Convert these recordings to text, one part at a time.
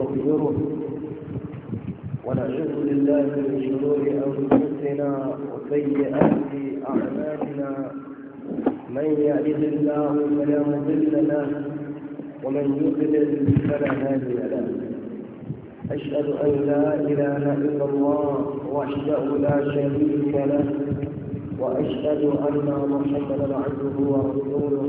نطيره ونعوذ بالله من شرور أنفسنا وسيئات أعمالنا من يعز الله فلا مضل له ومن يضلل فلا هادي له أشهد أن لا إله إلا الله وحده لا شريك له وأشهد أن محمدا عبده ورسوله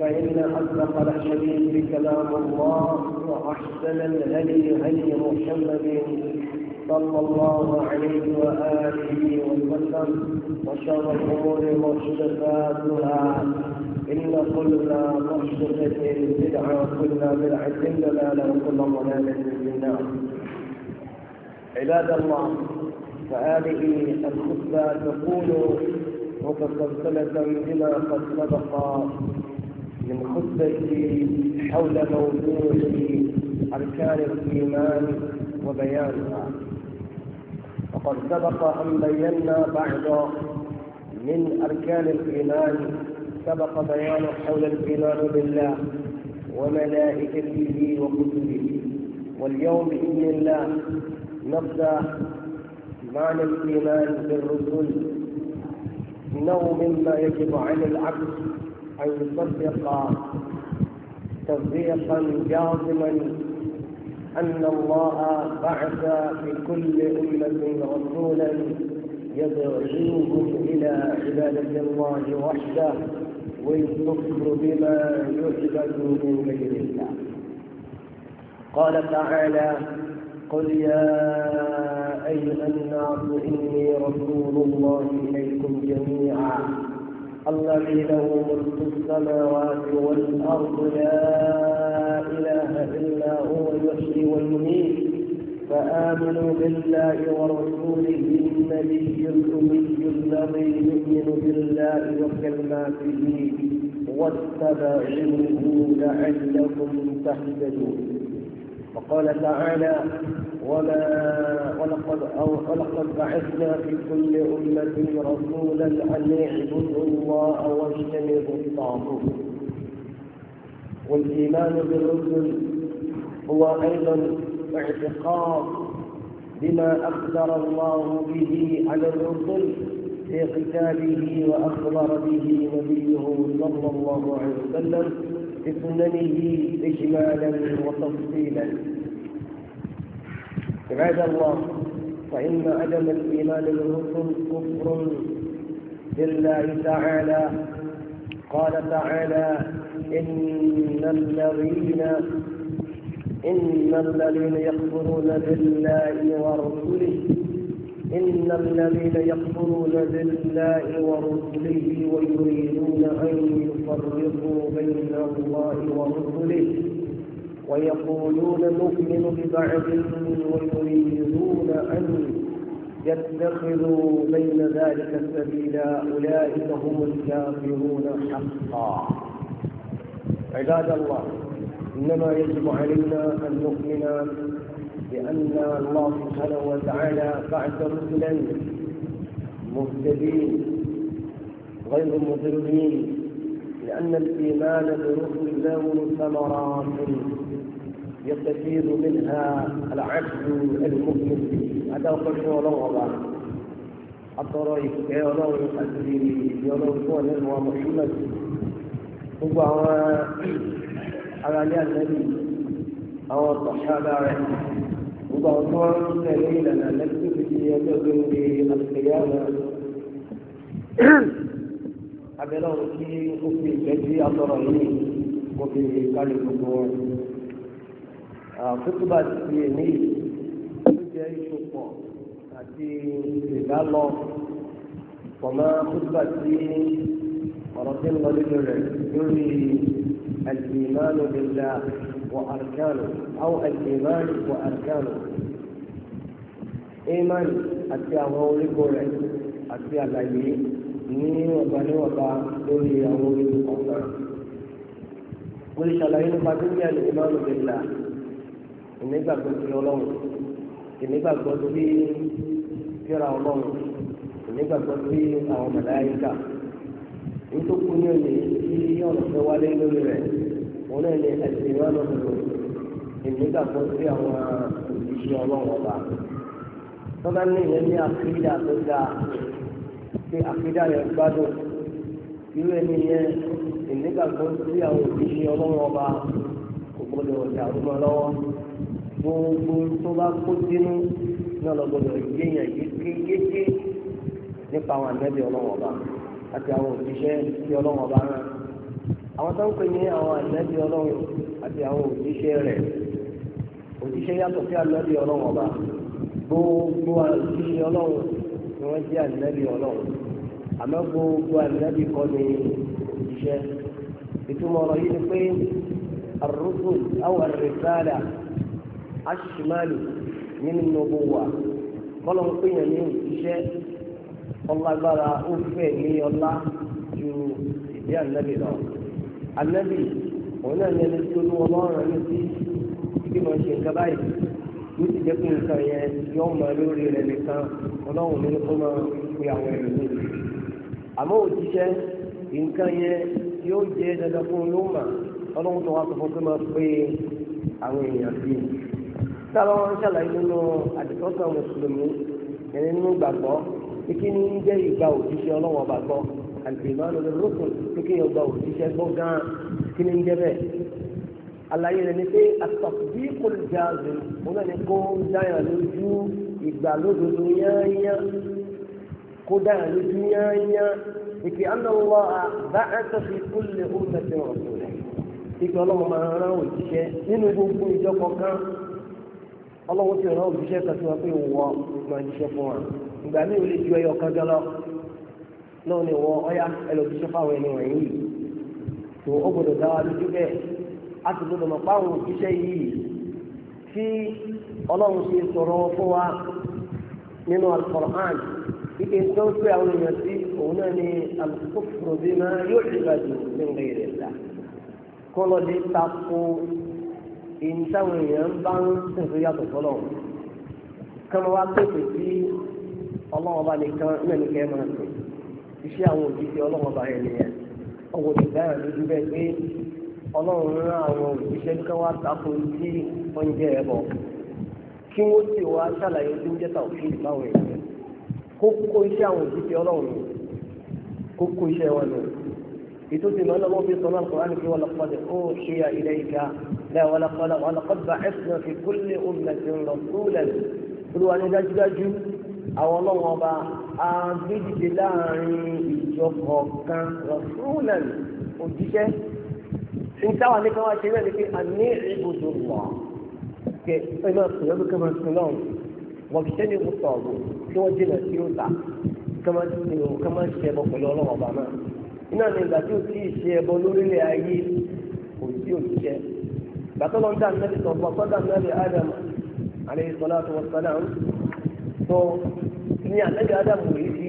فإن أصدق الحديث كلام الله وأحسن الهدي هدي محمد صلى الله عليه وآله وسلم وشر الأمور محدثاتها إن كل محدثة بدعة كل بدعة ضلالة وكل ضلالة في النار عباد الله فهذه الخطبة تكون متسلسلة بما قد سبق من خطبتي حول موضوع أركان الإيمان وبيانها وقد سبق أن بينا بعض من أركان الإيمان سبق بيانه حول الإيمان بالله وملائكته وكتبه واليوم بإذن الله نبدأ معنى الإيمان بالرسل إنه مما يجب على العبد أن يصدق تصديقا جازما أن الله بعث في كل أمة رسولا يدعوهم إلى عبادة الله وحده والكفر بما يعبد من غير الله قال تعالى قل يا أيها الناس إني رسول الله إليكم جميعا الذي له ملك السماوات والأرض لا إله إلا هو يحيي ويميت فآمنوا بالله ورسوله النبي الأمي الذي يؤمن بالله وكلماته واتبعوه لعلكم تهتدون وقال تعالى وما ولقد أو ولقد بعثنا في كل أمة رسولا أن اعبدوا الله واجتنبوا الطاغوت والإيمان بالرسل هو أيضا اعتقاد بما أخبر الله به على الرسل في كتابه وأخبر به نبيه صلى الله عليه وسلم بسننه إجمالا وتفصيلا عباد الله فإن عدم الإيمان بالرسل كفر لله تعالى قال تعالى إن الذين إن الذين يكفرون بالله ورسله إن الذين يكفرون بالله ورسله ويريدون أن يفرقوا بين الله ورسله ويقولون نؤمن ببعض ويريدون أن يتخذوا بين ذلك سبيلا أولئك هم الكافرون حقا عباد الله إنما يجب علينا أن نؤمن بأن الله سبحانه وتعالى بعث رسلا مهتدين غير مضلين لأن الإيمان برسل له ثمرات يستفيد منها العبد المؤمن هذا هو قشوة لغضة أطريك يا الله يقدري يا الله يكون محمد هو على النبي أو الصحابة gbogbo àwọn tó ń tẹ̀lé ìlànà lẹ́sìn fìdí ẹjọ́ tó ń di àtìlẹ́yà náà. abẹ́lẹ́ ọ̀rọ̀ kí ó fi ìfẹ́ sí asọ̀rọ̀ yìí kó fi kálí gbogbo wọn. àkótóbá ti fi èmi ó jẹ́ ìṣòpọ̀ àti ìdálọ́ pọ̀mọ́ àkótóbá ti ọ̀rọ̀ tí ń lọ nínú rẹ̀ lórí الإيمان بالله وأركانه أو الإيمان وأركانه iman àti àwọn orígun rẹ̀ àti àlàyé ní ọ̀gbàníwọ̀gbà lórí àwọn orígun kọ̀ọ̀kan. mo lè ṣàlàyé nípa dúkìá ní imánu bẹ̀là ìnígbàgbọ́ sí ọlọ́run ìnígbàgbọ́ sí kíra ọlọ́run ìnígbàgbọ́ sí àwọn màláíkà nítorí ní òní tí ọ̀nà fẹ́ wálé lórí rẹ̀ òun náà ní ẹ̀sìn ìmánu bẹ̀là ìnígbàgbọ́ sí àwọn òṣìṣẹ́ ọlọ́run ọba tọ́lá ní ìyẹn ní àkídà tó dáa pé àkídà yẹn gbádùn irú ẹni yẹn ìnígbàgbọ́ sí àwọn òbíṣẹ́ ọlọ́wọ́ ọba kò gbọ́dọ̀ dàrúmọ lọ́wọ́ gbogbo tó bá kó sínú ní ọlọ́gbọ́dọ̀ yéèyàn yékéyéké nípa àwọn àgbẹ̀bí ọlọ́wọ́ ọba àti àwọn òbíṣẹ́ sí ọlọ́wọ́ ọba náà àwọn tó ń pè ní àwọn àgbẹ̀bí ọlọ́wọ́ àti àwọn òbíṣẹ́ rẹ̀ òbíṣẹ́ yàtọ̀ sí àgbẹ̀bí ọlọ́wọ́ ọba. gbogbo àlùfí ọlọ́run ni wọ́n jẹ́ ànábì ọlọ́run àmọ́ gbogbo ànábì kọ́ iṣẹ́ ìtumọ̀ ọ̀rọ̀ yìí ni pé الرسل أو الرسالة الشمال من النبوة bọ́lọ̀ ń pè ní òṣìṣẹ́ ọlágbára ó ní ọlá ju ìdí ànábì lọ. òun náà ní ẹni ní ṣe yóò ti jẹ́ pé nǹkan yẹn yóò mọ lórí rẹ̀ nìkan ọlọ́run ní kó máa pe àwọn ẹlòmíì. àmọ́ òjíṣẹ́ nǹkan yẹn yóò jẹ́ dandan fún yóò mà ọlọ́run tó wá sọ fún pé máa pe àwọn èèyàn sí i. sábà wọn ń ṣàlàyé nínú àdìsọ́sọ mùsùlùmí ẹni nínú gbàgbọ́ pé kí ni ń jẹ́ ìgbà òjíṣẹ́ ọlọ́run ọba gbọ́ àti ìmọ̀ àlọ́ lórí rúkùn pé kí ni ọgbà òjíṣẹ́ gbọ́ gan-an kí ni ń jẹ́ bẹ́ẹ̀ àlàyé rẹ̀ ni pé àtọ̀bí kò lè jà àgbè òun náà ni kó dáyà lójú ìgbàlódodo yányán kó dáyà lójú yányán ìpè anáwó àbá ẹ̀sẹ̀ fi kúlẹ̀ ó mẹ́tẹ̀ ọ̀sùn rẹ̀ ìpè ọlọ́run máa rán òjíṣẹ́ nínú gbogbo ìjọ kọ̀ọ̀kan ọlọ́run ti rán òjíṣẹ́ kan sí wa pé wọ́ máa jíṣẹ́ fún wa ìgbà mi ò lè ju ẹyọ kan gan náà ni wọ́n ọ̀yá ẹ lọ jíṣẹ́ fáwọn ẹni wọ̀nyí tó ó a sì gbọdọ̀ mọ̀ páwọn òṣìṣẹ́ yìí tí ọlọ́run ṣe sọ̀rọ̀ fún wa nínú al-Qur'an ike tó ń pè àwọn èèyàn sí òun náà ni al-kufru bima yu'badu min ghayri Allah kọ́lọ́ lè takò èyí táwọn èèyàn bá ń sìn tó yàtọ̀ fọlọ́ kọ́lọ́ wa pèsè sí ọlọ́run bá nìkan náà nìkan máa sìn iṣẹ́ àwọn òjijì ọlọ́run bá yẹn nìyẹn ọwọ́ ìgbà yẹn lójú bẹ́ẹ̀ pé ọlọ́run rán àwọn òṣìṣẹ́ kan wá tako sí oúnjẹ ẹ̀ bọ̀ kí wọ́n sì wá ṣàlàyé tó ń jẹ́ta òfin ìbáwọn èèyàn kókó iṣẹ́ àwọn òṣìṣẹ́ ọlọ́run kókó iṣẹ́ wọn lọ ètò ìsìn náà lọ́wọ́ bí sọ́nà àkùrá ni kí wọ́n lọ́kọ́ dẹ̀ ó ṣe àìlẹ́ ìka lẹ́wọ́n lọ́kọ́ lọ́wọ́ lọ́kọ́ bá ẹ̀sìn fi kúlẹ̀ òmìnirìn lọ́kúlẹ̀ olúwa ní dájúdájú àwọn ọlọ́wọ́n ọba àgbéjìdé láàrin ìjọ kọ̀ọ̀kan lọ́kúlẹ̀ òjíṣẹ́ nítawọn ní káwọn ṣe náà ni pé àní ìbùdó wà kẹ ẹ máa sùn lọ́dún kí wọ́n sùn lọ́hùn wọ́n fi sẹ́ni ìbùdó sọ̀rọ̀ kí wọ́n jìnà sí ó ta kí wọ́n ti sùn kí wọ́n ṣe ẹbọ pẹ̀lú ọlọ́wọ́ bá iná ni ìgbà tí ó ti ṣe ẹbọ lórílẹ̀ ayé kò sí òṣìṣẹ́ gbàtọ́ lọ́n dá nẹ́bí sọ̀rọ̀ sọ́dá nẹ́bí Adam alayhi salatu wa salam tó ní àlẹ́bí Adam yìí fi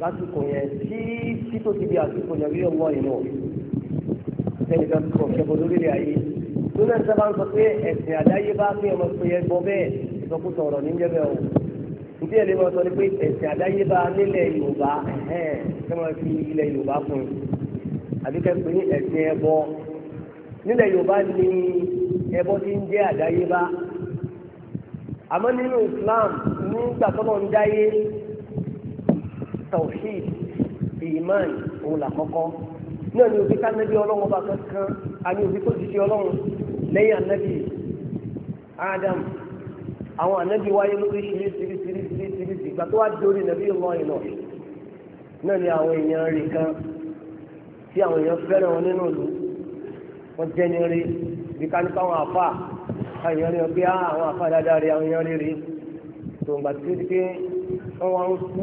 lásìkò yẹn tí tí tó ti di àsìkò yẹn bí ọwọ́ ìlú ẹnì kan kọ̀ ṣẹ́gun lórílẹ̀ ayé tó náà sábà ń sọ pé ẹ̀sìn àdáyébá fún ọmọ pé ẹ gbọ́ bẹ́ẹ̀ ìsọkúsọ ọ̀rọ̀ ní jẹ́ bẹ́ẹ̀ o ìdí ẹ̀ lè máa sọ ni pé ẹ̀sìn àdáyébá nílẹ̀ Yorùbá ẹ̀ kẹ́ máa fi ilẹ̀ Yorùbá fún un àbí kẹ́ pé ẹ̀sìn ẹbọ nílẹ̀ Yorùbá ni ẹbọ ti ń jẹ́ àdáyébá àmọ́ nínú Islam nígbà tó náà ń dáyé tawhid iman òun là kọ́kọ́ náà ni òbí kánábí ọlọ́run bá kankan àní òbí tó ti ṣe ọlọ́run lẹ́yìn ànábì Adam àwọn ànábì wáyé lórí ṣiríṣiríṣiríṣiríṣi ìgbà tó wá dórí nàbí ìlọ ìlọ náà ni àwọn èèyàn rè kan tí àwọn èèyàn fẹ́ràn wọn nínú ìlú wọn jẹ́ rí bí ká nípa àwọn àfà àwọn rí wọn pé ah, àwọn àfà dáadáa rí àwọn èèyàn rí rí tòǹgbà tí pé wọ́n wá ń kú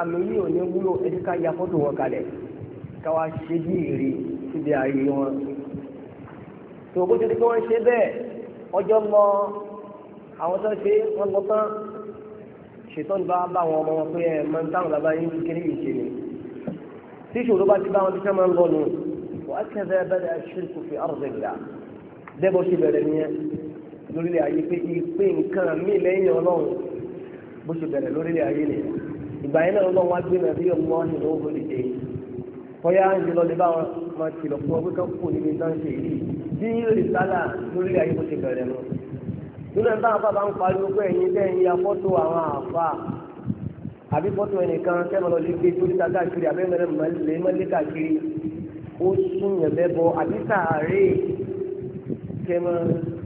àmì yìí ò ní wúlò ẹni ká ya fọ́tò wọn kalẹ̀ ká wá ṣe bí èrè síbi ààyè wọn. tòun kó tètè kí wọ́n ṣe bẹ́ẹ̀ ọjọ́ mọ àwọn tó ṣe wọ́n lọ tán ṣètò ní bá bá àwọn ọmọ wọn pé ẹ máa ń táwọn bàbá yín kékeré yìí ṣe ni. tí ìṣòro bá ti bá wọn tó ṣe máa ń lọ nù wọ́n á kẹ́fẹ́ bẹ́ẹ̀ ṣírkù fi àrùbẹ̀gbà bẹ́ẹ̀ lórílẹ̀ ayé pé ìpè nǹkan mí lẹ́yìn ọlọ́run bó ṣe bẹ̀rẹ̀ lórílẹ̀ ayé nìyẹn ìgbà yẹn náà lọ́wọ́ wá gbé náà bí ọmọ ní owó lè dé kọ́yá ń lọ lè bá wọn máa kìlọ̀ fún ọgbẹ́ kan kù níbi náà ṣe yìí bí rìsálà lórí ayé bó ṣe bẹ̀rẹ̀ lọ. nínú ẹ̀ báwọn bàbá ń pariwo pé ẹ̀yin bẹ́ẹ̀ ń ya fọ́tò àwọn àfa àbí fọ́tò ẹnìkan kẹ́mọ̀ lọ lè gbé torí ta káàkiri àbẹ́mẹ́rẹ́ lè mọ́lé káàkiri ó sún yẹn bẹ́ẹ̀ bọ àbí sàárè kẹ́mọ̀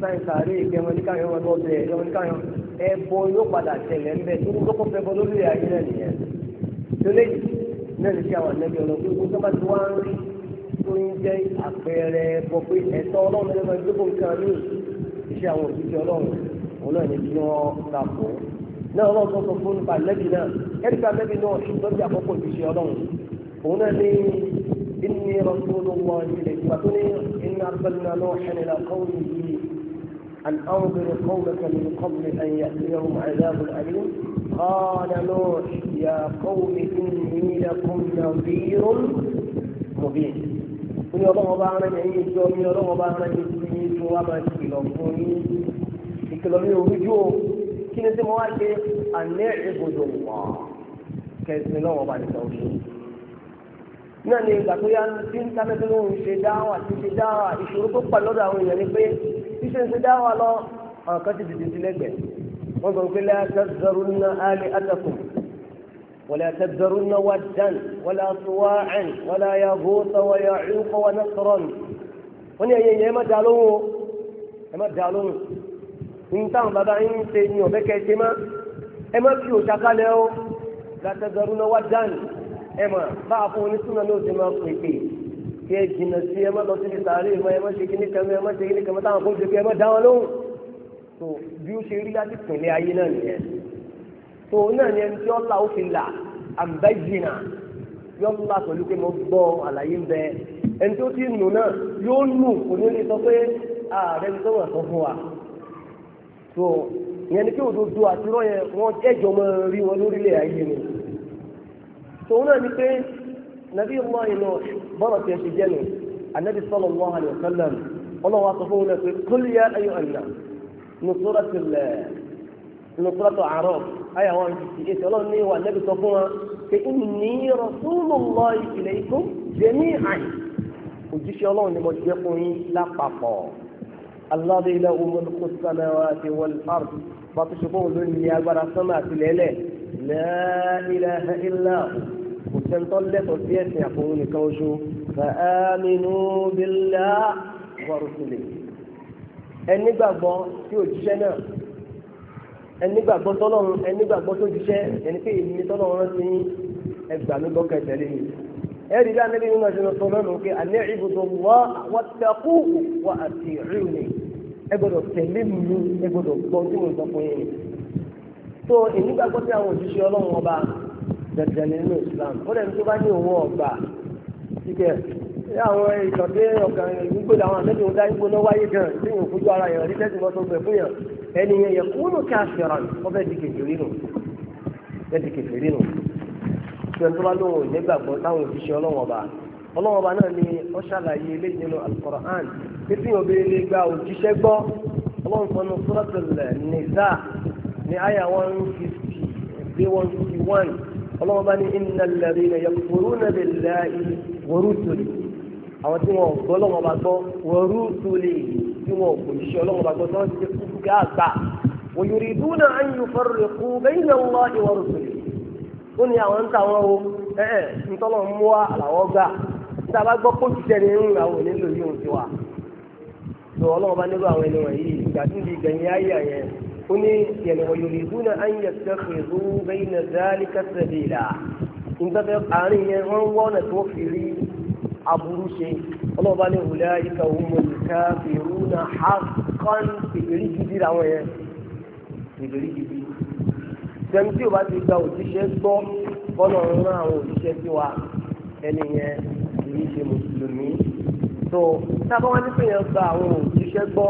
sáyẹ̀nsì sàárè kẹ́mọ̀ ẹbọ yóò padà tẹ̀lé ń bẹ tó kó kó fẹ́ bọ lórí ayé náà nìyẹn tólé náà ní sí àwọn ànábì ọlọ́gbọ́n gbogbo sábà tí wọ́n á rí tó ń jẹ́ àpẹẹrẹ ẹbọ pé ẹ̀tọ́ ọlọ́run ló máa gbégbó nǹkan ní iṣẹ́ àwọn òṣìṣẹ́ ọlọ́run òun náà ní kí wọ́n ta fún un náà ọlọ́run tó sọ fún nípa ànábì náà ẹ̀ríkà ànábì náà ìtọ́jú àkọ́kọ́ òṣìṣẹ́ ọlọ́run òun náà ní inni rasulullah أن أنظر قومك من قبل أن يأتيهم عذاب أليم قال نوح يا قوم إني لكم نظير مبين ní ọlọ́wọ́ bá rẹ̀ ní ìjọ ní ọlọ́wọ́ bá rẹ̀ ní ti ní ìjọ wa máa kìlọ̀ fún yín ìkìlọ̀ mi ò rí jù ó kí ni tí mo wá ṣe àná ìgbòdò wọ̀ kẹsìn lọ́wọ́ bá nìkan òṣù. náà ni ìgbà tó yá ní íńtánẹ́ẹ̀tì ló ń ṣe dáhà ti ṣe dáhà ìṣòro tó pà lọ́dọ̀ àwọn èèyàn ni pé iṣẹ́ ń ṣe dá wa lọ àwọn kan ti dìde sí lẹ́gbẹ̀ẹ́ wọ́n sọ pé la tazarunna alihatakum wala tazarunna waddan wala suwa'an wala yaghutha wa ya'uqa wa nasran wọ́n ní ẹ̀yẹ yẹn ẹ má dá lóhùn o ẹ má dá lóhùn ní táwọn bàbá yín ṣe ni ọ̀bẹ kẹ́ má ẹ má fi òòṣà kalẹ̀ o la tazarunna waddan ẹ má bá fún onísùnà ní kí ẹ jìnnà sí ẹ má lọ síbi sàárè mọ ẹ má ṣe kíní kan ẹ má ṣe kíní kan mọ táwọn kò ṣe kí ẹ má dá wọn lóhùn tó bí ó ṣe rí láti pìnlẹ̀ ayé náà nìyẹn tó náà ni ẹni tí ó là ó fi là àbẹ́jìnà yóò tún bá pẹ̀lú pé mo gbọ́ àlàyé ń bẹ ẹni tó ti nù náà yóò nù kò ní lè sọ pé ààrẹ mi tó sọ fún wa tó ìyẹn ni kí òdodo àtirọ́ yẹn wọ́n ẹ̀jọ̀ mọ́ rí wọn lórílẹ̀ ayé ni tòun náà ni pé nàbí ìmọ̀ ìnáwó bọ́rọ̀ tí ẹ ṣe jẹ́nu anabi sallallahu alayhi wa sallam ọlọ́wọ́ sọ fún wọn pé qul ya ayyuhan nas nusuratul nusuratul a'raf ayé àwọn ìdìtì ètò ọlọ́run ní ìwà anabi sọ fún wa pé inni rasulullahi ilaykum jami'an òjíṣẹ́ ọlọ́run ni mo jẹ́ fún yín lápapọ̀ alladhi lahu mulku samawati wal ard bàtúṣe fún òun ló ní agbára sánmà àtìlẹ́lẹ̀ la ilaha sẹ́ńtọ́ lẹ́tọ̀ọ́ sí ẹ̀sìn àfọwọ́ nìkan oṣù fa'aminu billahi wa rusulihi ẹnigbàgbọ́ tí òjíṣẹ́ náà ẹnigbàgbọ́ tọ́lọ́run ẹnigbàgbọ́ tó jíṣẹ́ ẹni pé èmi tọ́lọ́run rántí yín ẹgbà mi gbọ́ kẹtẹ̀lé mi ẹ̀rí bí anábì nínú ẹ̀sìn ọ̀tọ̀ lọ́nà pé àní ìbùdó wá wọ́tẹ̀kù wá àti rí mi ẹ gbọ́dọ̀ tẹ̀lé mi ẹ gbọ́dọ̀ gbọ́ tí mo sọ fún yín. tó ẹnigbàgbọ́ tí àwọn òjíṣẹ́ ọlọ́run ọba dandan nínú Islam ó lẹ́nu tó bá ní òun ọ̀gbà síbẹ̀ àwọn ìtọ́jú ọkàn ìgbógbó làwọn àtẹ́jú ọ̀dá ìgbó náà wáyé gan tí òun fojú ara yẹn rí lẹ́sìn lọ́sọ̀ gbẹ fún yàn ẹni yẹn yẹ kúrò káfíran wọ́n fẹ́ di kèfèrí nù fẹ́ di kèfèrí nù tí wọ́n tó bá lóun ò ní gbàgbọ́ táwọn òṣìṣẹ́ ọlọ́wọ́n ọba ọlọ́wọ́n ọba náà ni ó ṣàlàyé eléyìí nínú Al-Qur'an pípín obìnrin gba òjíṣẹ́ gbọ́ ọlọ́run sọ ní Suratul Nisa ní fifty one ọlọ́wọ́ bá ní iná lẹ́rí rẹ̀ yẹ kúrú náà lè la wọ́rú tòlì àwọn tí wọn gbọ́ lọ́wọ́ bá gbọ́ wọ́rú tòlì tí wọn kò ṣe ọlọ́wọ́ bá gbọ́ tí wọ́n ti kú ká gbà dúnà ayò fọ́rọ̀ kú bẹ́ẹ̀ ní ọlọ́ ìwọ́rú tòlì ó ní àwọn ń o ẹ eh, ẹ eh, ntọ́lọ́ mú wa làwọn gbà níta bá gbọ́ kóòtù tẹ̀lé ń ra òní lòyún tiwa. sọ ọlọ́wọ́ bá nílò àwọn ẹni wọ̀nyí oni yẹn wọ yorì dúnà á ń yẹ sẹ́kì rú bẹ́yìn náà dáálí kẹsẹ̀lì là nígbà bẹ́ẹ̀ àárín yẹn wọ́n wọ́n náà tó fi rí aburú ṣe ọlọ́ba ní wùlẹ̀ ìka òmùn ká fi rú náà ha kán ìbérí gidi làwọn yẹn ìbérí gidi. sẹ́mi tí o bá ti gba òjíṣẹ́ gbọ́ bọ́lá ń rán àwọn òjíṣẹ́ sí wa ẹni yẹn kì ṣe mùsùlùmí. tó tábọ́ ní pé yẹn gba àwọn òjíṣẹ́ gbọ́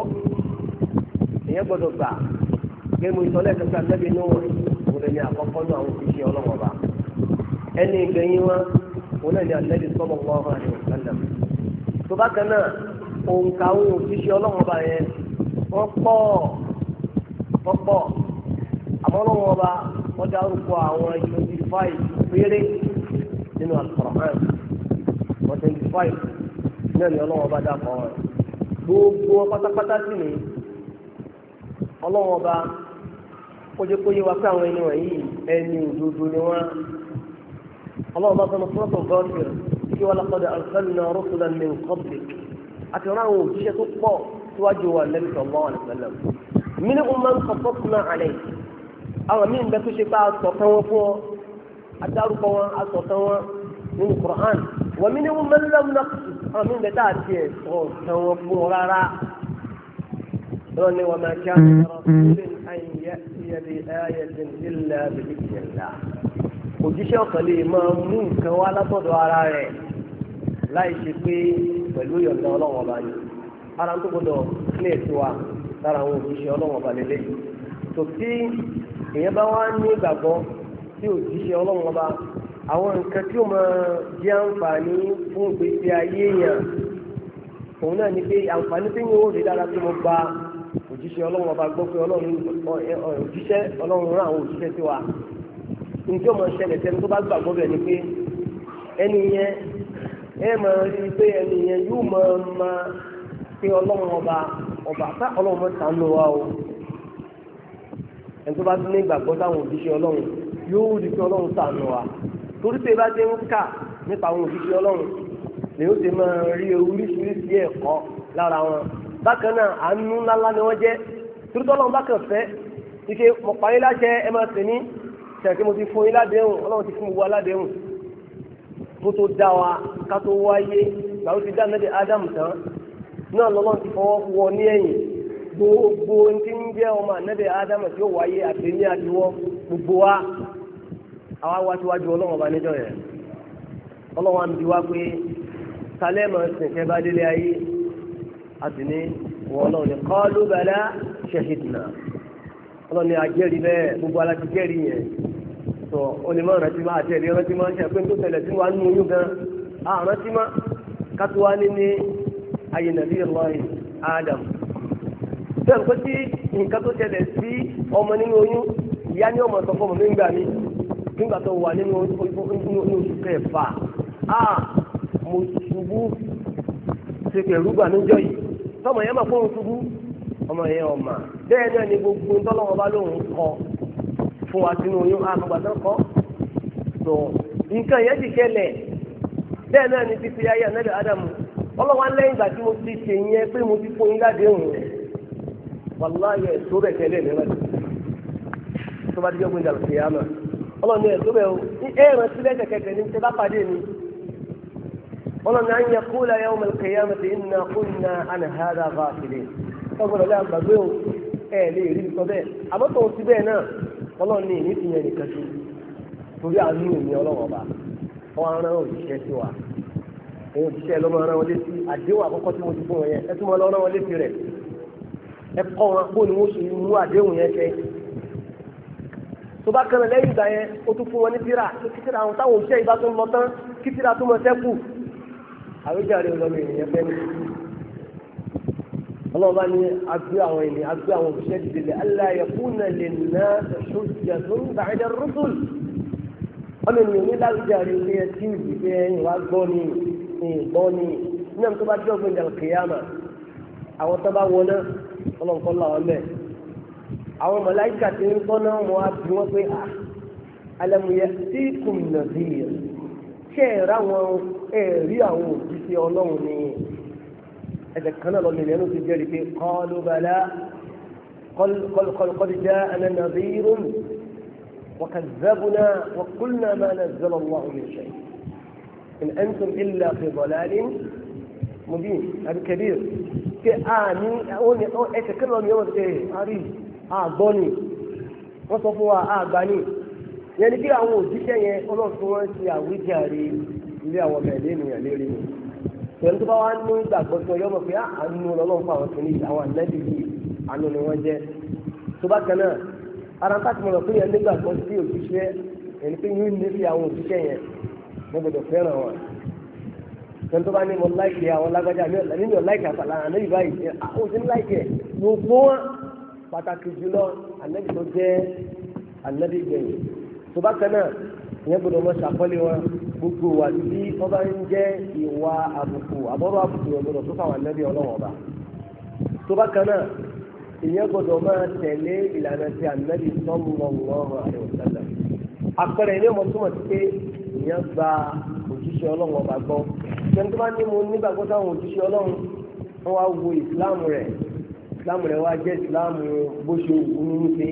èyẹ gbọ́dọ̀ gbà pé mo sọ lẹ́sẹ̀ pé àtẹ́bí inú wọn mo lè ní àkọ́kọ́ ní àwọn òṣìṣẹ́ ọlọ́wọ́ bá ẹni ìgbẹ̀yìn wa mo lè ní àtẹ́bí sọ́mọ́ wọn hàn ní ìpínlẹ̀ tó bá kan náà òǹkà àwọn òṣìṣẹ́ ọlọ́wọ́ bá yẹn wọ́n pọ̀ wọ́n pọ̀ àmọ́ ọlọ́wọ́ bá wọ́n dárúkọ àwọn twenty five péré nínú Al-Qur'an wọ́n twenty five náà ni ọlọ́wọ́ bá dàpọ̀ gbogbo pátápátá sí ni ọlọ́wọ́ bá kójú kójú wa pé àwọn ẹni wọ̀nyí ẹni òdodo ni wọ́n. ọlọ́run bá sọ̀rọ̀ fún ọ̀tọ̀ gọ́ọ̀sì kí wọ́n lọ́kọ̀dọ̀ àlùfẹ́lẹ́nà rọ́sùlà ní public àti ọ̀rọ̀ àwọn òṣìṣẹ́ tó pọ̀ síwájú wa lẹ́nu sọ̀lọ́ àlùfẹ́lẹ́ mi ní ọmọ nǹkan tó kúnná àlẹ́ àwọn míì bẹ tó ṣe pé àtọ̀tán wọn fún ọ adárúkọ wọn àtọ̀tán wọn nínú Qur'an wọ́n mi ní ọmọ lẹ́múnà àwọn míì bẹ tá a tiẹ̀ sọ̀tán wọn fún ọ rárá. ọlọ́ni wọn máa kí á بآية إلا بإذن الله òjíṣẹ́ ọ̀kan lè máa mú nǹkan wá látọ̀dọ̀ ara rẹ̀ láì ṣe pé pẹ̀lú ìyọ̀ǹda ọlọ́wọ́n ọba ni ara tó gbọdọ̀ sílẹ̀ sí wa lára àwọn òjíṣẹ́ ọlọ́wọ́n ọba lélẹ̀ tó tí èèyàn bá wá ní ìgbàgbọ́ tí òjíṣẹ́ ọlọ́wọ́n ọba àwọn nǹkan tí ó máa jẹ́ àǹfààní fún ìgbésí ayé èèyàn òun náà ni pé àǹfààní tí yóò rí dára tó mo gba òjíṣẹ́ ọlọ́run ọba gbọ́ pé ọlọ́run òjíṣẹ́ ọlọ́run rán àwọn òjíṣẹ́ sí wa nǹkan ọmọ ṣẹlẹ̀ tẹni tó bá gbàgbọ́ bẹ̀ ni pé ẹni yẹn ẹ máa rí i pé ẹni yẹn yóò máa ma pé ọlọ́run ọba ọba tá ọlọ́run mọ́ta ń lọ wa o ẹni tó bá tún ní ìgbàgbọ́ táwọn òjíṣẹ́ ọlọ́run yóò rí i pé ọlọ́run ṣàánú wa torí pé bá ti ń kà nípa àwọn òjíṣẹ́ ọlọ́run lè ó ti máa rí oríṣiríṣi ẹ̀kọ́ lára wọn bákan náà àánú ńláńlá ni wọ́n jẹ́ turutọ́ lọ́wọ́ bákan fẹ́ ike mọ̀páyé láṣẹ ẹ máa tẹ̀ ní ṣèké mo ti fún yín ládéhùn ọlọ́run ti fún gbogbo aládéhùn kó tó dá wa ká tó wáyé gbàrú ti dá mẹ́tẹ̀ ádámù tán náà lọ́lọ́run ti fọwọ́ wọ ní ẹ̀yìn gbogbo ti ń jẹ́ ọmọ ànẹ́bẹ̀ ádámù tí ó wáyé àtẹ̀ní àtiwọ́ gbogbo wa àwa wá síwájú ọlọ́run ọba yẹn ọlọ́run àmì àti ní wọ́ọ̀lọ́ ní kọ́ọ̀lù bẹ̀lẹ́ ṣẹ̀ṣìdìnà ọlọ́ni àjẹ́rìí bẹ́ẹ̀ gbogbo aláti jẹ́rìí yẹn tó onímọ̀ rántí máa àti ẹ̀rí rántí máa ń ṣe pé tó tẹ̀lẹ̀ tí wàá nù oyún gan àrántí má kátó wá ní ní ayé nàbí ìlọrin Adam bẹ́ẹ̀ pé tí nǹkan tó tẹ̀lẹ̀ sí ọmọ nínú oyún ìyá ni ọmọ sọ fọmọ mi nígbà tó wà nínú oṣù kẹfà ah mo ṣubú ṣe pẹ̀lú gbà níjọ́ yìí. tọmọ yẹn mọ̀ fún òun ṣubú ọmọ yẹn ọ̀mà bẹ́ẹ̀ náà ni gbogbo ńtọ́lọ́wọ́ bá lóun kọ fún wa sínú oyún àgbàdo kọ́ tó nǹkan yẹn ti kẹlẹ̀ bẹ́ẹ̀ náà ni títí ayé ànábì ádámù ọlọ́wọ́ lẹ́yìn ìgbà tí mo ti ṣe yẹn pé mo ti fún yín ẹ̀sọ́ bẹ̀ tẹ́lẹ̀ tó bá ẹ̀sọ́ bẹ̀ ẹ̀rọ sílẹ̀ kẹ̀kẹ́ ní ọlọ́ni na anya yẹ kó láyà ọmọ ìkẹyàmọ̀ tí ń na kó na ànàhàrà a kìlẹ̀ ọgbọ́dọ̀ lé àgbàgbé o ẹ lè rí sọ bẹ́ẹ̀ àmọ́ tó ti bẹ́ẹ̀ náà ọlọ́ni ní ti yẹn nìkan ṣe torí àánú mi ọlọ́wọ́ bá àdéhùn ṣe tó bá kan ìgbà yẹn tún fún wọn ní tíra àwọn táwọn lọ tán tó mọ àwíjàre lọ́mọ ènìyàn fẹ́ mi. ọlọ́ba ni a gbé àwọn ènìyàn a gbé àwọn òṣìṣẹ́ dìde lẹ̀ aláyẹ̀kúnà lè ná ṣojà tó ń bá ẹ̀dẹ̀ rúdùn. ọmọ ènìyàn ní láwùjáre ilé ẹtí ìdílé ẹ̀yìn wá gbọ́ ni ìgbọ́ ni nígbà tó bá jẹ́ ògbìn dàlùkìyàmà àwọn tó bá wọná ọlọ́nkọ́ làwọn bẹ̀. àwọn mọ̀láyíkà ti ń gbọ́ná wọn á bí wọ́n pé alamu yẹ sí kùnà ẹ̀rí àwọn òjíṣẹ́ ọlọ́run ni ẹ̀sẹ̀ kan náà lọ́nà ìlẹ́nu ti jẹ́rìí pé kọ́lùbàlá kọ́lùkọ́lùkọ́lùjá ẹnẹ́nàbí rún وكذبنا وقلنا ما نزل الله من شيء إن أنتم إلا في ضلال مبين هذا كبير كآني أوني أو أتكلم يوم الدين أري أعضني وصفوا أعضني يعني كي أعوذ بك يا الله سبحانه وتعالى lé àwọn ọmọ ẹ̀lẹ́ ènìyàn lérí ni pẹ̀lú tó bá wá ní ìgbàgbọ́ tó yọ mọ̀ pé ah, àánú lọ́lọ́run fún àwọn kìnnìkì àwọn ànábì yìí àánú ni wọ́n jẹ́ tó bá kan náà ara ń káàkiri mọ̀ pé yẹn nígbàgbọ́ sí òṣìṣẹ́ ẹni pé yín níbi àwọn òṣìṣẹ́ yẹn wọ́n gbọdọ̀ fẹ́ràn wọn pẹ̀lú tó bá ní mo láìkì àwọn lágbájá nínú láìkì àpàlà ànábì báyìí àwọn òṣìṣẹ́ láìkì ẹ̀ gbogbo wọn pàtàkì jùlọ ànábì tó jẹ́ ànábì gbẹ̀yìn tó gbogbo wa tí ọba ń jẹ́ ìwà àbùkù àbọ̀rọ̀ àbùkù ọ̀gbọ̀dọ̀ tó fáwọn ẹlẹ́bí ọlọ́wọ́ ọba tó bá kan náà ìyẹn gbọ́dọ̀ máa tẹ̀lé ìlànà ti ànábì sallallahu alaihi wasallam àpẹẹrẹ ilé ọmọ túmọ̀ sí pé ìyẹn gba òjíṣẹ́ ọlọ́wọ́ ọba gbọ́ ṣẹ́ni tó bá ní mo nígbàgbọ́ táwọn òjíṣẹ́ ọlọ́run wọ́n wá wo ìsìláàmù rẹ̀ ìsìláàmù rẹ̀ wá jẹ́ ìsìláàmù bó ṣe wù ú ní ṣe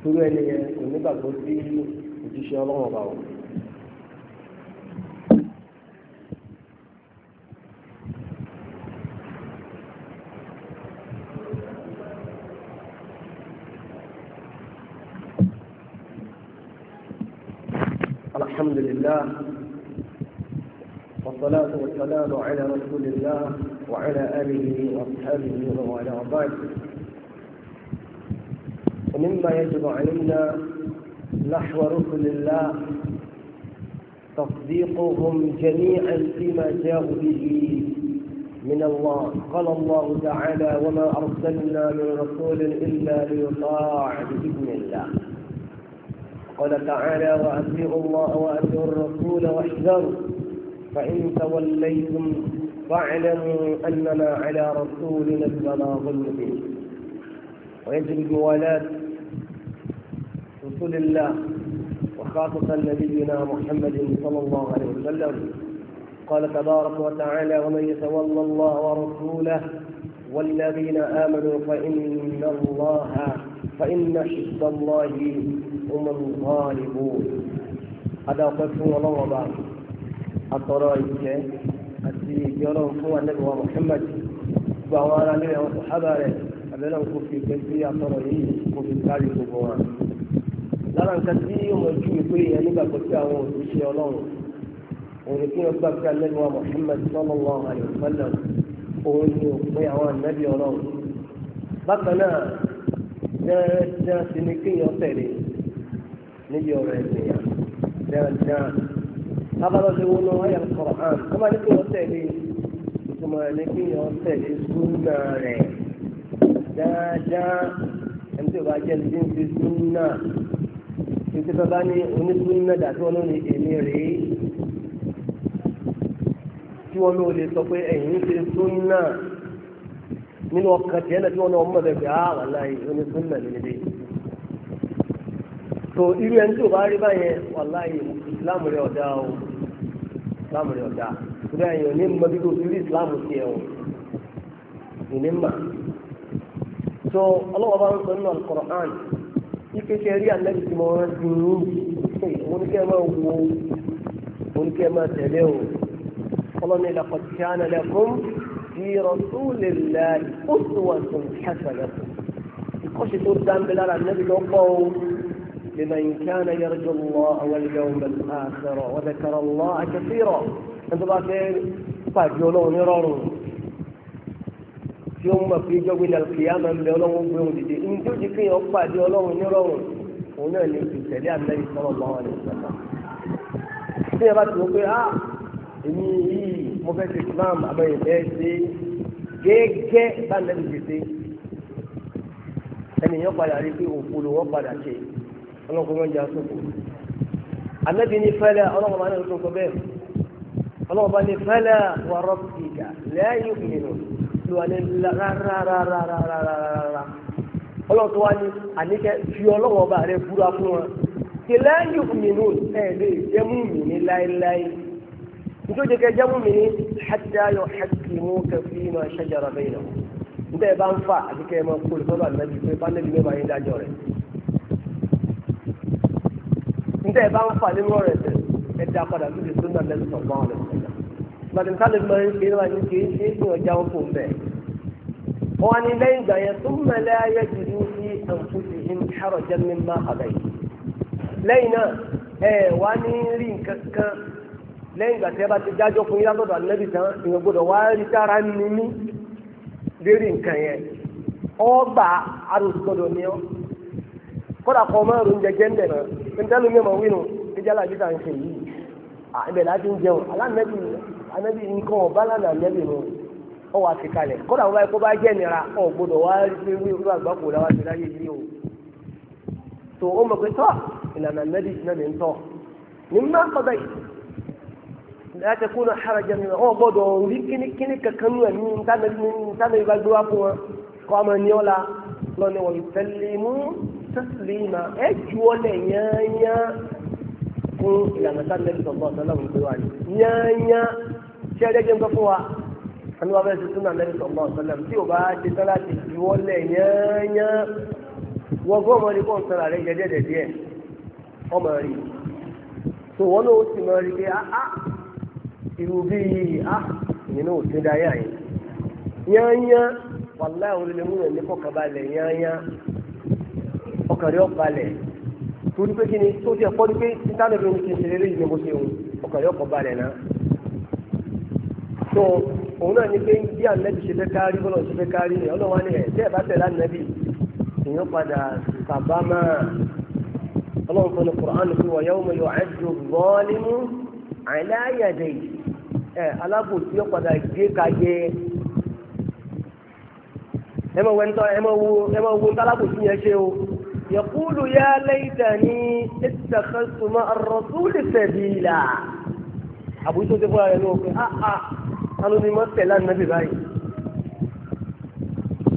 torí ẹni yẹn kò nígbàgbọ́ sí إن شاء الله wọ. الحمد لله والصلاة والسلام على رسول الله وعلى آله وأصحابه ومن والاه ومما يجب علينا نحو رسل الله تصديقهم جميعا فيما جاءوا به من الله قال الله تعالى وما أرسلنا من رسول إلا ليطاع بإذن الله قال تعالى وأطيعوا الله وأطيعوا الرسول واحذروا فإن توليتم فاعلموا أننا على رسولنا البلاغ المبين ويجب الموالاة رسول الله وخاصة نبينا محمد صلى الله عليه وسلم قال تبارك وتعالى ومن يتولى الله ورسوله والذين آمنوا فإن الله فإن حزب الله هم الغالبون هذا قصة الله بعد الطرائق التي يرون هو النبي محمد وعلى من الصحابة أبلغ في كيفية طرائق وفي التاريخ lára nǹkan tí ọmọ ojú mi pé ẹni gbàgbọ́ sí àwọn òṣìṣẹ́ ọlọ́run òun ni kí wọ́n gbà pé alẹ́ wa Muhammad sallallahu alaihi wasallam òun ni òpin àwọn ànábì ọlọ́run bákan náà dáadáa sí ni kéèyàn tẹ̀lé níbi ọ̀rọ̀ ẹ̀sìn yà dáadáa tábàlọ́ ti wọnú ayé Al-Qur'an tó bá ní kéèyàn tẹ̀lé ìtumọ̀ ẹni kéèyàn tẹ̀lé súnà rẹ̀ dáadáa ẹni tí ò bá jẹ́ ní títí tó bá ní onísúnmí mẹ́ta tí wọ́n ló ní èmi rèé tí wọ́n ló lè sọ pé ẹ̀yìn ṣe sún náà nínú ọkàn tiẹ̀ náà tí wọ́n náà mọ̀ bẹ́ẹ̀ pé á ah, wà láàyè onísúnmí mẹ́ta lélẹ́dẹ́ tó irú ẹni tí ò bá rí báyẹn wà láàyè ìsìlámù rẹ̀ ọ̀dà o ìsìlámù rẹ̀ ọ̀dà torí ẹ̀yìn ò ní mọ bí kò sí rí ìsìlámù tiẹ̀ o ìní mà tó ọlọ́wọ́ bá ń sọ nínú al ike ṣe rí alẹ́ tí mo rán sí yín mo ní kí ẹ máa wo mo ní kí ẹ máa tẹ̀lé o ọlọ́ni laqad kana lakum fi rasulillahi uswatun hasanatun ìkọ́ṣe tó dáńbẹ́ lára nẹ́bí lọ́pọ̀ o liman kana yarju Allaha wal yawmal akhira wa dhakara Allaha kathira ẹni tó bá fẹ́ pàdé ọlọ́run ní rọrùn tí ó mọ̀ pé ìjọba ilẹ̀ kìíyà máa ń bẹ ọlọ́run gbé òun dìde ní tó di pé yẹn pàdé ọlọ́run nírọ̀rùn òun náà ní ìtẹ̀lé àmẹ́rì sọ̀rọ̀ bá wọn lè sọ̀rọ̀. tí ẹ bá ti wọ pé ah èmi yìí mo fẹ́ ṣe Islam àmọ́ ìfẹ́ ṣe gẹ́gẹ́ bá nẹ́bí ṣe ṣe ẹnìyàn padà rí pé òkú ló wọ́n padà ṣe ọlọ́run máa ń jà sóko. àmẹ́bí ní fẹ́lẹ́ ọlọ́run máa ń lọ sóko bẹ́ẹ̀ ọlọ́run bá ní fẹ́lẹ́ wà lò alẹ́ rárárárárárárá bá rẹ búra fún wọn kìlá yóò lè jẹ́mú mi ní láéláé nítorí kẹ́ jẹ́mú mi ní hajjá yọ hajjì mú bá ń fa àbíkẹ́ ẹ máa kó lè sọ́dọ̀ ànábi pé bá nẹ́bi mẹ́ba yín dájọ́ rẹ̀ gbàdúrà lè mọ ẹnìkè náà ní kì í ṣe é gbìyànjú àwọn fò mbẹ. wọn ni lẹ́yìn ìgbà yẹn tó mẹlẹ ayé jùlọ sí àǹfùsì yìí ní àròjẹ mímá àbẹ yìí. lẹ́yìn náà ẹ wá ní rí nǹkan kan lẹ́yìn ìgbà tí ẹ bá ti dájọ́ fún yín látọ̀dọ̀ ànábì tán ìwọ̀n gbọ́dọ̀ wá rí sára ní mí lérí nǹkan yẹn ọgbà arúgbọ́dọ̀ ni ọ kódà kọ́ máa ronú jẹjẹ ń bẹ̀rẹ̀ anabi nǹkan ọba lánà anabi mu ọ wà fi kalẹ̀ kódà wọn báyìí kó bá jẹ́ nira ọ gbọ́dọ̀ wá rí wí wí àgbákò làwọn àti láyé yìí o tó o mọ̀ pé tọ́ ìlànà anabi náà lè ń tọ́ ní má kọ́ bẹ́ẹ̀ láti kún náà harajà nínú ọ gbọ́dọ̀ rí kíní kíní kankan nù ẹ̀mí ntánàbí bá gbé fún wọn kọ́ ọmọ ní ọ́la lọ́nà wọ̀nyí tẹ́lẹ̀ mú tẹ́sílímà ẹ̀ ju ọ́lẹ̀ yányá fún ìlànà tá a lè sọ̀tọ̀ ọ̀sán láwùjọ wa yányá ṣé ẹjẹ́ jẹ́ nǹkan fún wa ẹni wàá fẹ́ ṣe súnà lẹ́yìn sọ̀gbọ́n ọ̀sọ́lẹ̀ tí ò bá ṣe tán láti fi wọlé yányá wọ́n gbọ́ ọmọ ní kó ń sanra rẹ̀ jẹ́ dẹ́dẹ̀ díẹ̀ ọmọ rí tó wọ́n náà ó sì mọ rí pé áá ah, ah, irú bí á ah, ìyẹn náà ò sí dáyà yìí yányá wàláì olùlẹ̀ múlẹ̀ ní kọ̀kàbalẹ̀ yányá ọkàn rẹ̀ ọ̀balẹ̀ torí pé kí ni tó ti ẹ̀kọ́ ni pé títà tó òun náà ní pé bí ànábì ṣe fẹ́ kárí bọ́lá ṣe fẹ́ kárí ni ọlọ́wọ́ ni ẹ̀ tẹ́ ẹ̀ bá tẹ̀lé ànábì èèyàn padà kàbámà ọlọ́run fún ní Qur'an fún wa yawma yu'addu zalimu ala yadayhi ẹ̀ alábòsí yóò padà gé kajẹ ẹ máa wọ ẹ máa wo ẹ máa wo ntálábòsí yẹn ṣe o yaqulu ya laytani ittakhadhtu ma'a ar-rasuli sabila àbújá tó ti fún ara rẹ̀ ní òkè áá. Ah, ah, kánú ni mọ́ tẹ̀lé ànábì báyìí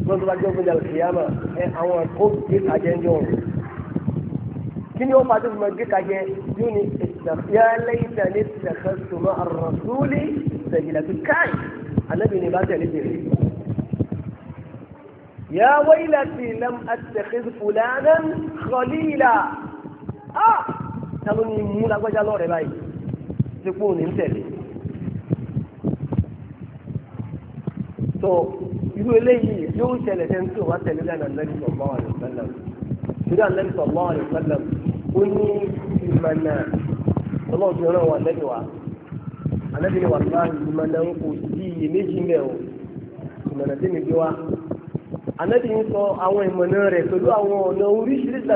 lọ́dún bá jẹ́ ògbóni àlùkìyàmà ẹ àwọn ẹ̀kọ́ gé kàjẹ́ ń jọ kí ni ó fa tó fi máa gé kàjẹ́ yóò ní ìtàfíà lẹ́yìn tí a ní tẹ̀sẹ̀ sọmọ àrùnsúlì ìtẹ̀jìlá ti káì ànábì ni bá tẹ̀lé bèrè. يا ويلتي لم أتخذ فلانا خليلا آه تلوني مولا وجا لوري باي تكون انتلي tó irú eléyìí yóò ṣẹlẹ̀ sẹ́ni tí o bá tẹ̀lé lẹ́nu Ànábì sallallahu alaihi wasallam torí Ànábì sallallahu alaihi wasallam ó ní ìmọ̀nà ọlọ́ọ̀dún ọ̀rọ̀ wà lẹ́nu wa Ànábì ni wà bá ìmọ̀nà ń kò sí iye méjì mẹ́ o ìmọ̀nà tí mi gbé wa Ànábì ń sọ àwọn ìmọ̀nà rẹ̀ pẹ̀lú àwọn ọ̀nà oríṣiríṣi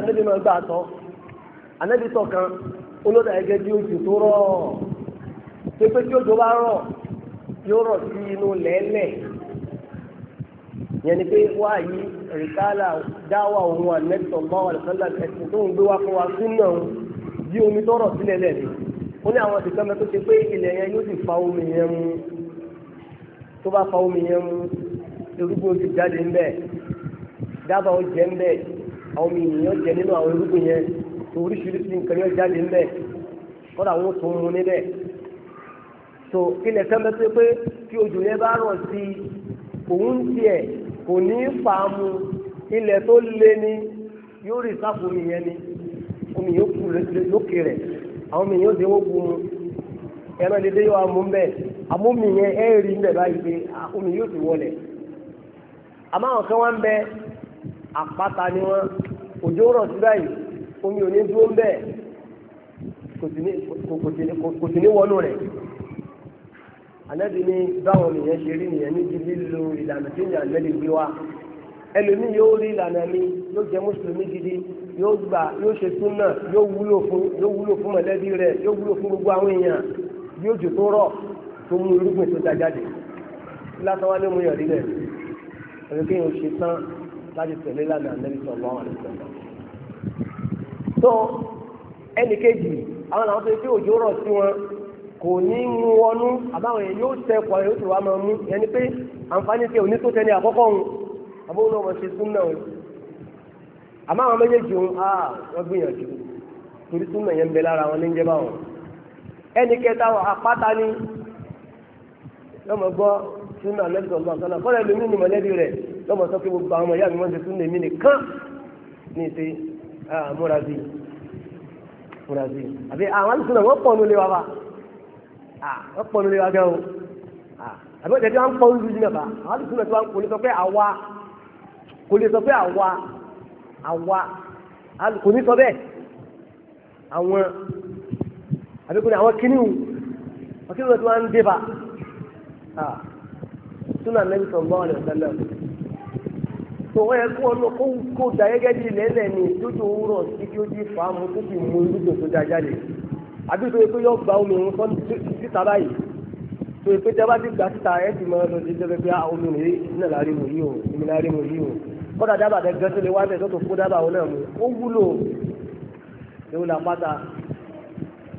Ànábì yẹn pé wá yìí rìkálà dáwà òun àlẹ́tọ̀ bá ẹ̀sìn tó ń gbé wá fún wa súnà òun bí omi tọrọ sílẹ̀ lẹ́nu ó ní àwọn ìdìkan mẹ́tò ṣe pé ilẹ̀ yẹn yóò sì fa omi yẹn mu tó bá fa omi yẹn mu irúgbìn ti jáde ńbẹ dábàá ó jẹ ńbẹ àwọn omi yẹn jẹ nínú àwọn irúgbìn yẹn oríṣiríṣi nǹkan yẹn jáde ńbẹ kọ́dà wọn tó mu níbẹ̀ so ilẹ̀ kan mẹ́tò pé tí ojú yẹn bá rọ̀ sí òun tiẹ̀ kò ní fàámu ilẹ̀ tó lé ní yóò rí sáfù omi yẹn ni omi yóò kú lókè rẹ̀ àwọn omi yóò dẹ́wọ́ kú mu ẹran dédé yóò amú mbẹ́ mi yẹn ẹ̀ rí mbẹ́ omi yóò ti wọlé àmọ́ àwọn kan wá bẹ ni wọ́n òjò rọ̀ sí báyìí omi ò ní dúró mbẹ́ kò sì ní wọnú ànábì ní báwọn èèyàn ṣe rí nìyẹn níbi lílo ìlànà tí ìyàn ànábì gbé wá ẹlòmíì yóò rí ìlànà mi yóò jẹ mùsùlùmí gidi yóò gbà yóò ṣe súnà yóò wúlò fún yóò wúlò fún mọ̀lẹ́bí rẹ̀ yóò wúlò fún gbogbo àwọn èèyàn yóò jù tó rọ̀ tó mú irúgbìn tó da jáde lásán wá ló mú yàn rí rẹ̀ ẹ̀rọ kéèyàn ṣe tán láti tẹ̀lé lánàá ànábì sọ̀rọ̀ àwọn àlejò tó ẹnì kejì àwọn àwọn tó ń fi òjò rọ̀ sí wọn kò ní mú wọnú àbáwọn èèyàn yóò tẹ ọkọ yóò tó wá máa mú ẹni pé àǹfààní tẹ òní tó tẹni àkọ́kọ́ òun àbóhùn náà wọ́n ṣe súnmọ́ òun àmọ́ àwọn méjèèjì òun á wọ́n gbìyànjú torí súnmọ́ yẹn ń bẹ lára wọn ní jẹ́ báwọn ẹni kẹta àpáta ni lọ́mọ gbọ́ súnmọ́ alẹ́sọ̀ ọ̀gbọ́n sọ́nà kọ́lẹ̀ lómi ní mọ̀lẹ́bí rẹ̀ lọ́mọ sọ pé gbogbo àwọn Ah, wọ́n pọ̀ nílé wa gan o ah, àbí ọ̀jẹ̀ tí wọ́n ń pọ̀ orí ìlú nàbà àwọn àti ìsúná tí wọ́n kò lè sọ pé àwa kò lè sọ pé àwa àwa kò ní sọ bẹ́ẹ̀ àwọn àbí kò ní àwọn kíní wọ́n kí ló tí wọ́n ń dé bá ah, súnà Nabi sallallahu alaihi wasallam tó wọ́n yẹ kó ọ̀nà kó kó da gẹ́gẹ́ bí ilẹ̀ ẹ̀lẹ̀ ni lójú òwúrọ̀ sí kí ó di fàámu tó fi mú irúgbìn tó da jáde àbí yẹ kó yọ gba omi òun sọ́ni síta báyìí tó ìpè tẹ́ bá ti gbà síta ẹ ti mọ ẹ lọ́dún tó fẹ́ pé ah, omi rèé iná láàrin mo yìí o omi láàrin mo yìí o kọ́dà dábàá bẹ gẹ́tọ́ lé wá bẹ̀ tó kó dábàá òun náà mu ó wúlò ewu la pátá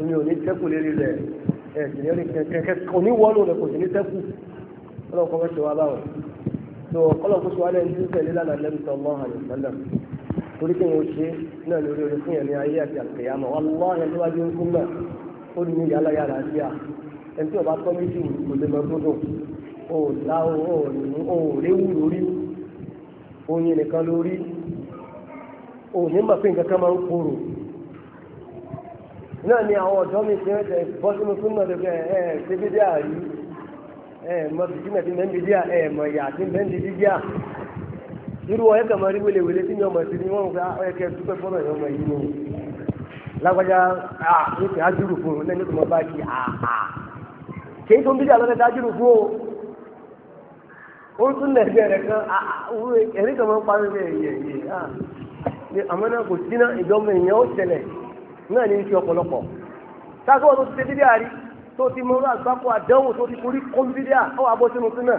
omi ò ní sẹ́kù lérí rẹ̀ ẹ̀ sì ní kẹ̀kẹ́ òní wọ́ọ̀lù rẹ̀ kò sì ní sẹ́kù ọlọ́run kọ́ fẹ́ ṣe wá báwọn tó ọlọ́run kó ó ní yàrá yàrá sí à ẹni tí ọba tọ́ méjì kò lè mọ gbọ́dọ̀ ó là ó ní ó léwu lórí oyin nìkan lórí ó ní mọ̀ pé nǹkan kan máa ń korò náà ni àwọn ọ̀dọ́ mi ti ẹ̀ bọ́ sínú súnmọ́ tó kẹ́ ẹ̀ ṣe bí díà rí ẹ̀ mọ bìtí náà ti mẹ́ń bí díà ẹ̀ mọ ìyá ti mẹ́ń bí díà irú ọ̀ ẹ̀ kàn máa rí wẹlewẹle tí mi ọmọ ti ní wọ́n ń gba dúpẹ́ fọ́nà ìyọmọ yìí ni lágbájá àà ní kí fún un lẹ́yìn tó mọ bá kí àà kìí tó ń bídí àlọ́dẹ ájúrù fún o ó tún lẹ̀ sí ẹ̀rẹ̀ kan ẹ̀rí kan máa ń parí rẹ̀ yẹ̀ yẹ̀ àmọ́ náà kò sí náà ìjọba èèyàn ó ṣẹlẹ̀ náà ní ti ọ̀pọ̀lọpọ̀ sáfọ́ tó ti ṣe bídí àrí tó ti mọ àgbákò àdánwò tó ti forí kó bídí à ó wà bó sínú sínú náà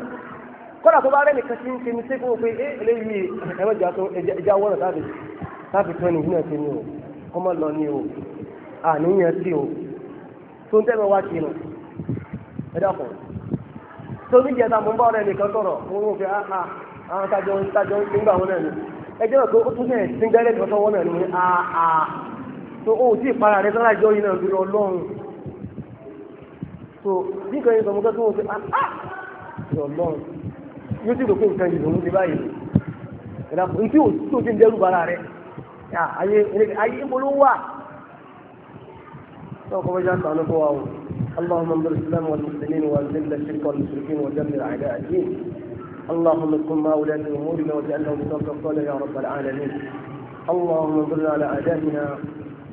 kọ́dà tó bá rẹ̀ nìkan ṣe ń ṣe ní sẹ́kọ̀ọ́ pé eléyìí ẹ̀rọ ìjà wọ́n náà tábì tán ní ìhìnà ṣe ní o ọmọ lọ ni o àníyàn sí o tó ń tẹ́lẹ̀ wá sí nù ẹ dàpọ̀ tó ní ìjẹta mo ń bá ọ̀rẹ́ nìkan sọ̀rọ̀ mo ń fi àhà àwọn tájọ tájọ ń gbà wọn náà ni ẹ jẹ́ pé ó tún náà sí gẹ́rẹ́ kan sọ́wọ́ náà ni mo ní àhà tó o tí ì para rẹ sára ìjọ yìí náà lórí ọlọ́run so bí nǹkan yìí sọ mo kẹ́ tó o fi àhà ọlọ́run yóò sì rò pé nǹkan yìí lòún ti báyìí ìdàpọ̀ ní tí o tí o ti ń dẹ́rù bara rẹ̀. Ah, ayé ayé ìbolú wà فوق وجهك اللهم انظر الاسلام والمسلمين واذل الشرك والمشركين ودمر اعداء الدين اللهم اذكر ما ولاة امورنا واجعلهم بصدق الصالح يا رب العالمين اللهم انظرنا على اعدائنا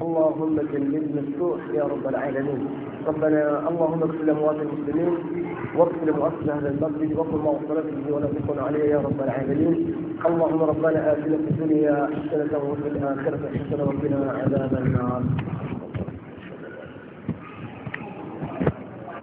اللهم جنبنا السوء يا رب العالمين ربنا اللهم اغفر لاموات المسلمين واغفر لمؤسسه اهل المسجد وصلاته به ولا تكن عليه يا رب العالمين اللهم ربنا اتنا في الدنيا حسنه وفي الاخره حسنه وقنا عذاب النار